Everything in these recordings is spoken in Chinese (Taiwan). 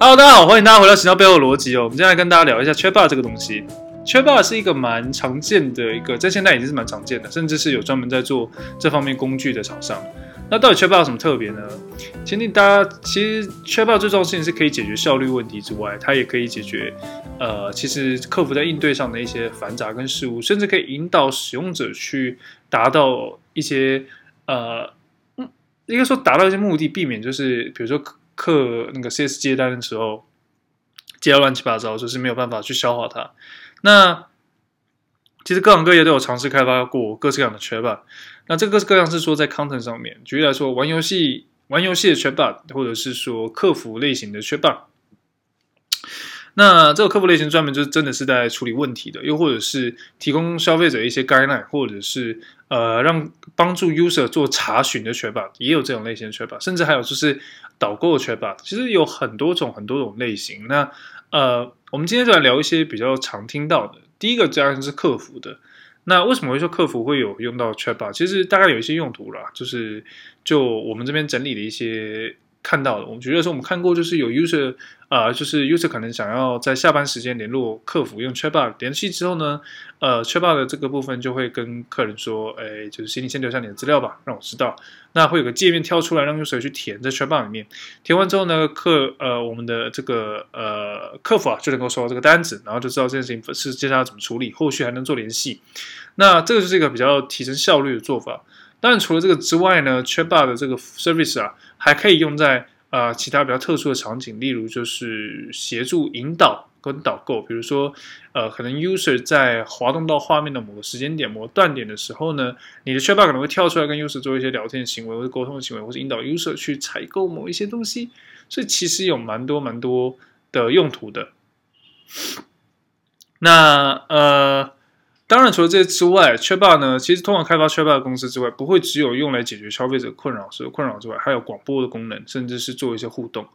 Hello，大家好，歡迎大家回到《行銷背後的邏輯》哦。我們今天來跟大家聊一下 Chatbox 這個東西。Chatbox 是一個蠻常見的一個，在現在已經是蠻常見的，甚至是有專門在做這方面工具的廠商。那到底 Chatbox 有什麼特別呢？其實大家其實 Chatbox 最重要的事情是可以解決效率問題之外，它也可以解決呃，其實客服在應對上的一些繁雜跟事務，甚至可以引導使用者去達到一些呃，應該說達到一些目的，避免就是比如說。客那個 CS 接單的時候接到亂七八糟，就是沒有辦法去消化它。那其實各行各業都有嘗試開發過各式各樣的 chatbot。那這個各式各樣是說在 content 上面，舉例來說，玩遊戲玩遊戲的 chatbot，或者是說客服類型的 chatbot。那這個客服類型專門就真的是在處理問題的，又或者是提供消費者一些 guidance，或者是呃讓幫助 user 做查詢的 chatbot，也有這種類型的 chatbot，甚至還有就是。導購的 chatbot 其實有很多種、很多種類型。那，呃，我們今天就來聊一些比較常聽到的。第一個當然是客服的。那為什麼會說客服會有用到 chatbot？其實大概有一些用途啦，就是就我們這邊整理的一些。看到的，我們覺得是我們看過，就是有 user，啊，就是 user 可能想要在下班時間聯絡客服，用 chatbot 聯繫之後呢，呃，chatbot 的這個部分就會跟客人說，哎，就是先你先留下你的資料吧，讓我知道。那會有個界面跳出來，讓用戶去填在 chatbot 裡面，填完之後呢，客，呃，我們的這個，呃，客服啊就能夠收到這個單子，然後就知道這件事情是接下來怎麼處理，後續還能做聯繫。那這個就是一個比較提升效率的做法。當然，但除了這個之外呢 Chatbox 的這個 service 啊，還可以用在呃其他比較特殊的場景，例如就是協助引導跟導購，比如說呃可能 user 在滑動到畫面的某個時間點、某個斷點的時候呢，你的 Chatbox 可能會跳出來跟 user 做一些聊天行為，或者溝通行為，或是引導 user 去採購某一些東西，所以其實有蠻多蠻多的用途的。那呃。當然，除了這些之外，Chatbox 呢，其實通常開發 Chatbox 的公司之外，不會只有用來解決消費者困擾、所有困擾之外，還有廣播的功能，甚至是做一些互動。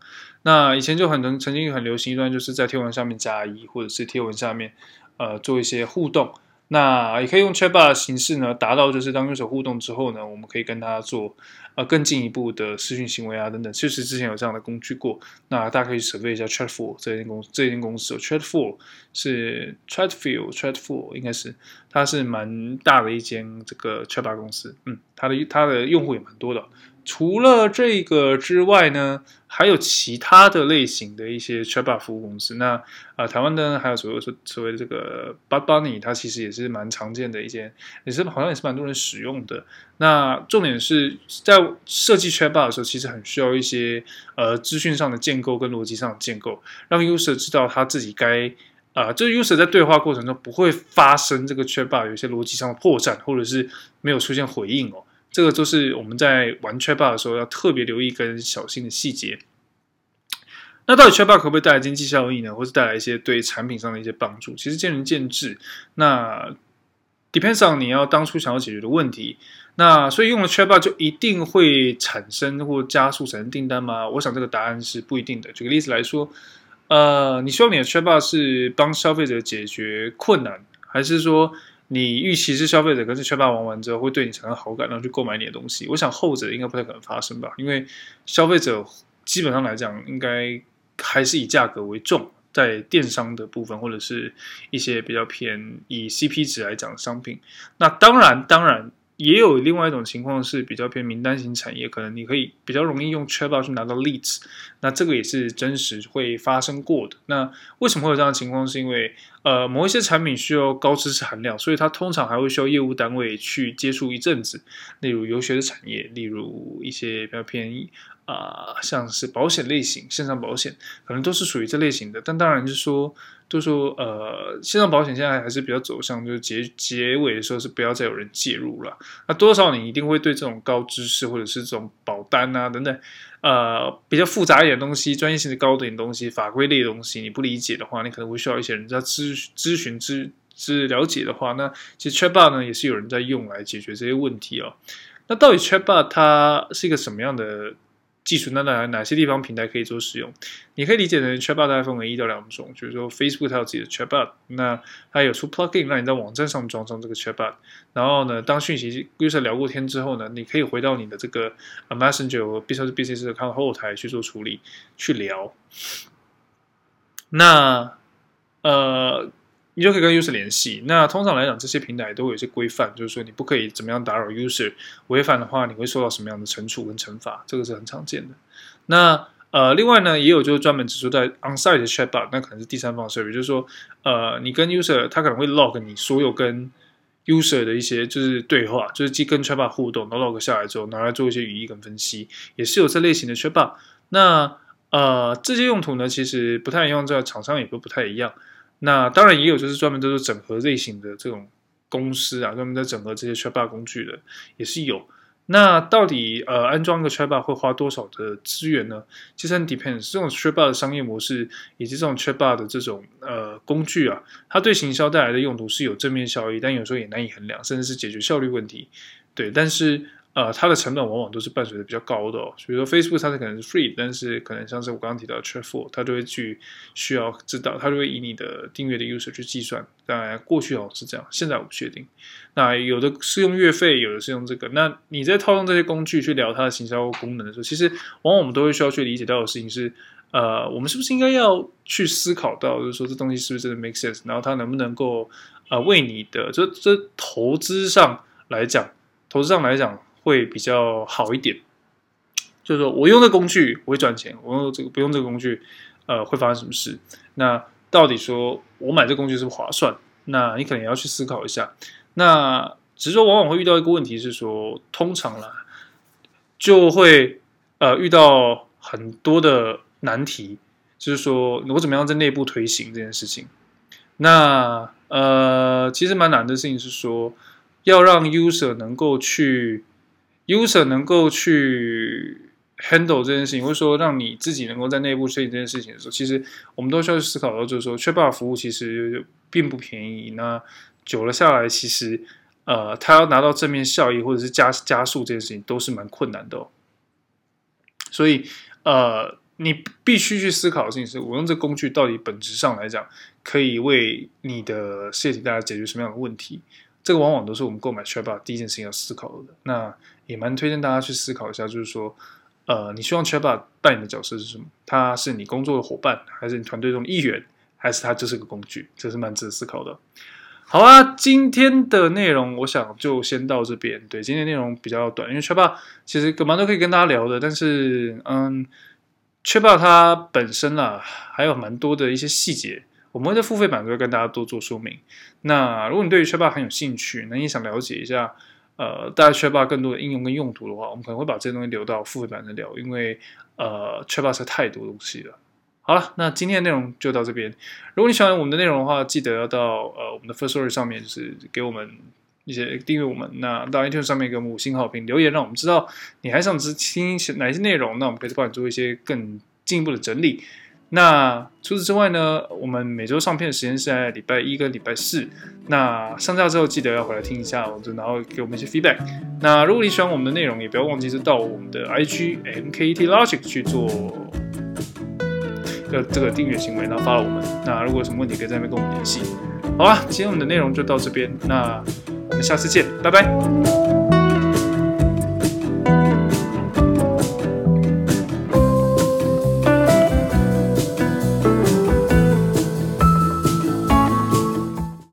那以前就很曾經很流行一段，就是在貼文上面加一，或者是貼文下面，呃，做一些互動。那也可以用 chatbot 的形式呢，達到就是當用戶互動之後呢，我們可以跟他做呃更進一步的諮詢行為啊等等。其實之前有這樣的工具過，那大家可以準備一下 Chatfuel 這間公司，這間公司 Chatfuel、哦、是 c h a、哦、t f i e l Chatfuel 應該是，它是蠻大的一間這個 chatbot 公司，嗯，它的它的用戶也蠻多的。除了這個之外呢，還有其他的類型的一些 chatbot 服務公司。那啊、呃，台灣呢，還有所謂所謂這個 BotBonnie，它其實也是蠻常見的一件，也是好像也是蠻多人使用的。那重點是在設計 chatbot 的時候，其實很需要一些呃資訊上的建構跟邏輯上的建構，讓 user 知道他自己該啊、呃，就是 user 在對話過程中不會發生這個 chatbot 有些邏輯上的破綻，或者是沒有出現回應哦。這個就是我們在玩 Chatbot 的時候要特別留意跟小心的細節。那到底 Chatbot 可不可以帶來經濟效益呢？或是帶來一些對產品上的一些幫助？其實見仁見智。那 depends on 你要當初想要解決的問題。那所以用了 Chatbot 就一定會產生或加速產生訂單嗎？我想這個答案是不一定的。舉個例子來說，呃，你希望你的 Chatbot 是幫消費者解決困難，還是說？你預期是消費者，可能是缺把玩完之後會對你產生好感，然後去購買你的東西。我想後者應該不太可能發生吧，因為消費者基本上來講，應該還是以價格為重，在電商的部分或者是一些比較偏以 CP 值來講的商品。那當然，當然。也有另外一種情況是比較偏名單型產業，可能你可以比較容易用 chatbot 去拿到 leads，那這個也是真實會發生過的。那為什麼會有這樣的情況？是因為呃某一些產品需要高知識含量，所以它通常還會需要業務單位去接觸一陣子，例如遊學的產業，例如一些比較便宜。啊、呃，像是保險類型，線上保險可能都是屬於這類型的。但當然，就是說，都說呃，線上保險現在還是比較走向就結結尾的時候是不要再有人介入了。那多少你一定會對這種高知識或者是這種保單啊等等，呃，比較複雜一點東西，專業性高的高一點的東西，法規類的東西，你不理解的話，你可能會需要一些人在諮諮詢、諮諮了解的話，那其實缺 h 呢也是有人在用來解決這些問題哦。那到底缺 h 它是一個什麼樣的技術，那哪哪些地方平台可以做使用？你可以理解成 chatbot 大概分為一到兩種，就是說 Facebook 它有自己的 chatbot，那它有出 plugin，讓你在網站上裝上這個 chatbot，然後呢，當訊息預設聊過天之後呢，你可以回到你的這個 messenger 或者是 bcc 的後台去做處理去聊。那呃。你就可以跟 user 聯繫。那通常來講，這些平台都有一些規範，就是說你不可以怎麼樣打擾 user，違反的話，你會受到什麼樣的懲處跟懲罰。這個是很常見的。那呃，另外呢，也有就是專門指出在 on-site 的 chatbot，那可能是第三方 service，就是說呃，你跟 user，他可能會 log 你所有跟 user 的一些就是對話，就是即跟 chatbot、ah、互動，都 log 下來之後，拿來做一些語義跟分析，也是有這類型的 chatbot。那呃，這些用途呢，其實不太一樣，這個廠商也都不太一樣。那當然也有，就是專門就是整合類型的這種公司啊，專門在整合這些 Chatbot 工具的也是有。那到底呃安裝一個 Chatbot 會花多少的資源呢？其實很 depends 這種 Chatbot 的商業模式以及這種 Chatbot 的這種呃工具啊，它對行銷帶來的用途是有正面效益，但有時候也難以衡量，甚至是解決效率問題。對，但是。呃，它的成本往往都是伴隨着比較高的哦，比如說 Facebook 它是可能是 free，但是可能像是我剛剛提到的 Trello，它就會去需要知道，它就會以你的訂閱的 user 去計算。當然過去好像是這樣，現在我不確定。那有的是用月費，有的是用這個。那你在套用這些工具去聊它的行銷功能的時候，其實往往我們都會需要去理解到的事情是，呃，我們是不是應該要去思考到，就是說這東西是不是真的 make sense，然後它能不能夠呃為你的，這這投資上來講，投資上來講。會比較好一點，就是說我用的工具我會賺錢，我用這個不用這個工具，呃，會發生什麼事？那到底說我買這個工具是不是划算？那你可能也要去思考一下。那只是說，往往會遇到一個問題，是說，通常啦，就會呃遇到很多的難題，就是說我怎麼樣在內部推行這件事情？那呃，其實蠻難的事情是說，要讓 user 能夠去。User 能夠去 handle 這件事情，或者說讓你自己能夠在內部設計這件事情的時候，其實我們都需要去思考到，就是說，確保服務其實並不便宜。那久了下來，其實，呃，他要拿到正面效益或者是加加速這件事情，都是蠻困難的哦。所以，呃，你必須去思考的事情是，我用這工具到底本質上來講，可以為你的事業帶來解決什麼樣的問題。這個往往都是我們購買 Chatbox 第一件事情要思考的，那也蠻推薦大家去思考一下，就是說，呃，你希望 Chatbox 扮演的角色是什麼？他是你工作的夥伴，還是你團隊中的一員，還是他就是個工具？這是蠻值得思考的。好啊，今天的內容我想就先到這邊。對，今天的內容比較短，因為 Chatbox 其實蠻多可以跟大家聊的，但是嗯 Chatbox 它本身啦、啊，還有蠻多的一些細節。我們在付費版就會跟大家多做說明。那如果你對於 Chatbot 很有興趣，那你想了解一下，呃，大家 Chatbot 更多的應用跟用途的話，我們可能會把這些東西留到付費版再聊，因為呃 Chatbot 是太多東西了。好了，那今天的內容就到這邊。如果你喜歡我們的內容的話，記得要到呃我們的 First Story 上面，就是給我們一些訂閱我們。那到 iTunes 上面給我們五星好評留言，讓我們知道你還想知聽哪些內容，那我們可以幫你做一些更進一步的整理。那除此之外呢，我們每周上片的時間是在禮拜一跟禮拜四。那上架之後記得要回來聽一下，就然後給我們一些 feedback。那如果你喜歡我們的內容，也不要忘記是到我們的 IG MKT Logic 去做這個訂閱行為，然後 follow 我們。那如果有什麼問題，可以在那邊跟我們聯繫。好了，今天我們的內容就到這邊，那我們下次見，拜拜。